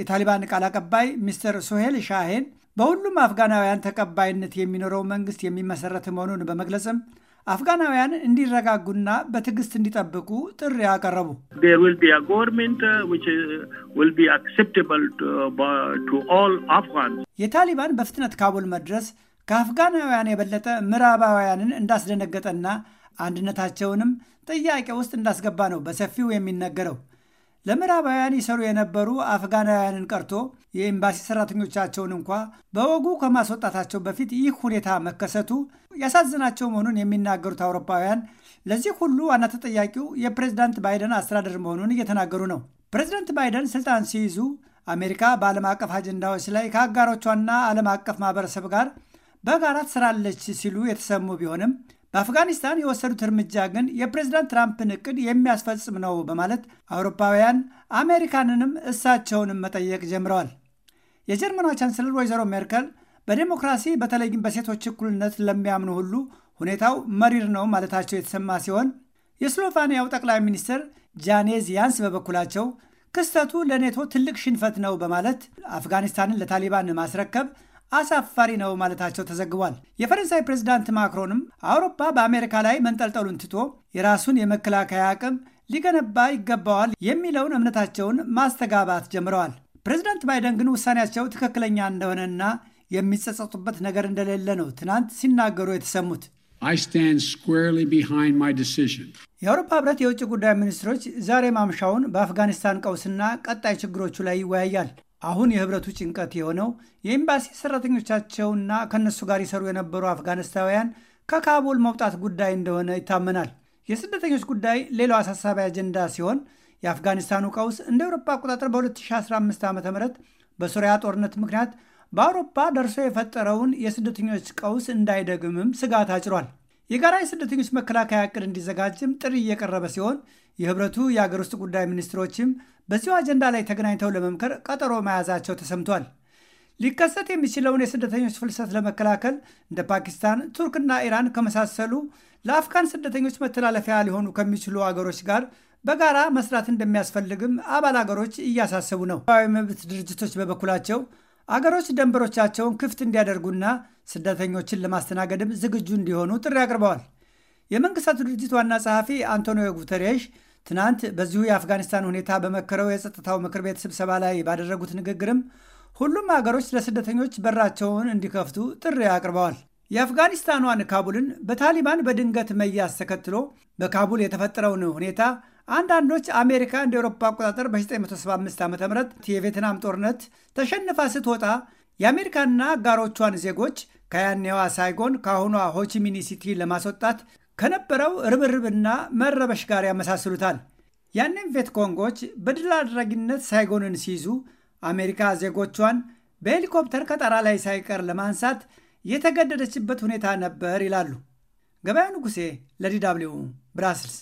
የታሊባን ቃል አቀባይ ሚስተር ሶሄል ሻሄን በሁሉም አፍጋናውያን ተቀባይነት የሚኖረው መንግስት የሚመሰረት መሆኑን በመግለጽም አፍጋናውያን እንዲረጋጉና በትዕግስት እንዲጠብቁ ጥሪ አቀረቡ። uh, uh, uh, የታሊባን በፍጥነት ካቡል መድረስ ከአፍጋናውያን የበለጠ ምዕራባውያንን እንዳስደነገጠና አንድነታቸውንም ጥያቄ ውስጥ እንዳስገባ ነው በሰፊው የሚነገረው። ለምዕራባውያን ይሰሩ የነበሩ አፍጋናውያንን ቀርቶ የኤምባሲ ሰራተኞቻቸውን እንኳ በወጉ ከማስወጣታቸው በፊት ይህ ሁኔታ መከሰቱ ያሳዝናቸው መሆኑን የሚናገሩት አውሮፓውያን ለዚህ ሁሉ ዋና ተጠያቂው የፕሬዚዳንት ባይደን አስተዳደር መሆኑን እየተናገሩ ነው። ፕሬዚዳንት ባይደን ስልጣን ሲይዙ አሜሪካ በዓለም አቀፍ አጀንዳዎች ላይ ከአጋሮቿና ዓለም አቀፍ ማህበረሰብ ጋር በጋራ ትሰራለች ሲሉ የተሰሙ ቢሆንም በአፍጋኒስታን የወሰዱት እርምጃ ግን የፕሬዝዳንት ትራምፕን እቅድ የሚያስፈጽም ነው በማለት አውሮፓውያን አሜሪካንንም እሳቸውንም መጠየቅ ጀምረዋል። የጀርመኗ ቻንስለር ወይዘሮ ሜርከል በዴሞክራሲ በተለይም በሴቶች እኩልነት ለሚያምኑ ሁሉ ሁኔታው መሪር ነው ማለታቸው የተሰማ ሲሆን የስሎቫኒያው ጠቅላይ ሚኒስትር ጃኔዝ ያንስ በበኩላቸው ክስተቱ ለኔቶ ትልቅ ሽንፈት ነው በማለት አፍጋኒስታንን ለታሊባን ማስረከብ አሳፋሪ ነው ማለታቸው ተዘግቧል። የፈረንሳይ ፕሬዝዳንት ማክሮንም አውሮፓ በአሜሪካ ላይ መንጠልጠሉን ትቶ የራሱን የመከላከያ አቅም ሊገነባ ይገባዋል የሚለውን እምነታቸውን ማስተጋባት ጀምረዋል። ፕሬዝዳንት ባይደን ግን ውሳኔያቸው ትክክለኛ እንደሆነና የሚጸጸጡበት ነገር እንደሌለ ነው ትናንት ሲናገሩ የተሰሙት። የአውሮፓ ህብረት የውጭ ጉዳይ ሚኒስትሮች ዛሬ ማምሻውን በአፍጋኒስታን ቀውስና ቀጣይ ችግሮቹ ላይ ይወያያል። አሁን የህብረቱ ጭንቀት የሆነው የኤምባሲ ሰራተኞቻቸውና ከእነሱ ጋር ይሰሩ የነበሩ አፍጋኒስታውያን ከካቡል መውጣት ጉዳይ እንደሆነ ይታመናል። የስደተኞች ጉዳይ ሌላው አሳሳቢ አጀንዳ ሲሆን የአፍጋኒስታኑ ቀውስ እንደ አውሮፓ አቆጣጠር በ2015 ዓ ም በሱሪያ ጦርነት ምክንያት በአውሮፓ ደርሶ የፈጠረውን የስደተኞች ቀውስ እንዳይደግምም ስጋት አጭሯል። የጋራ የስደተኞች መከላከያ እቅድ እንዲዘጋጅም ጥሪ እየቀረበ ሲሆን የህብረቱ የአገር ውስጥ ጉዳይ ሚኒስትሮችም በዚሁ አጀንዳ ላይ ተገናኝተው ለመምከር ቀጠሮ መያዛቸው ተሰምቷል። ሊከሰት የሚችለውን የስደተኞች ፍልሰት ለመከላከል እንደ ፓኪስታን፣ ቱርክና ኢራን ከመሳሰሉ ለአፍጋን ስደተኞች መተላለፊያ ሊሆኑ ከሚችሉ አገሮች ጋር በጋራ መስራት እንደሚያስፈልግም አባል አገሮች እያሳሰቡ ነው። ሰብአዊ መብት ድርጅቶች በበኩላቸው አገሮች ደንበሮቻቸውን ክፍት እንዲያደርጉና ስደተኞችን ለማስተናገድም ዝግጁ እንዲሆኑ ጥሪ አቅርበዋል። የመንግስታቱ ድርጅት ዋና ጸሐፊ አንቶኒዮ ጉተሬሽ ትናንት በዚሁ የአፍጋኒስታን ሁኔታ በመከረው የጸጥታው ምክር ቤት ስብሰባ ላይ ባደረጉት ንግግርም ሁሉም አገሮች ለስደተኞች በራቸውን እንዲከፍቱ ጥሪ አቅርበዋል። የአፍጋኒስታኗን ካቡልን በታሊባን በድንገት መያዝ ተከትሎ በካቡል የተፈጠረውን ሁኔታ አንዳንዶች አሜሪካ እንደ አውሮፓ አቆጣጠር በ1975 ዓ ም የቬትናም ጦርነት ተሸንፋ ስትወጣ የአሜሪካና አጋሮቿን ዜጎች ከያኔዋ ሳይጎን ከአሁኗ ሆቺሚኒ ሲቲ ለማስወጣት ከነበረው ርብርብና መረበሽ ጋር ያመሳስሉታል። ያንም ቬት ኮንጎች በድል አድራጊነት ሳይጎንን ሲይዙ አሜሪካ ዜጎቿን በሄሊኮፕተር ከጣራ ላይ ሳይቀር ለማንሳት የተገደደችበት ሁኔታ ነበር ይላሉ። ገበያ ንጉሴ ለዲ ደብልዩ ብራስልስ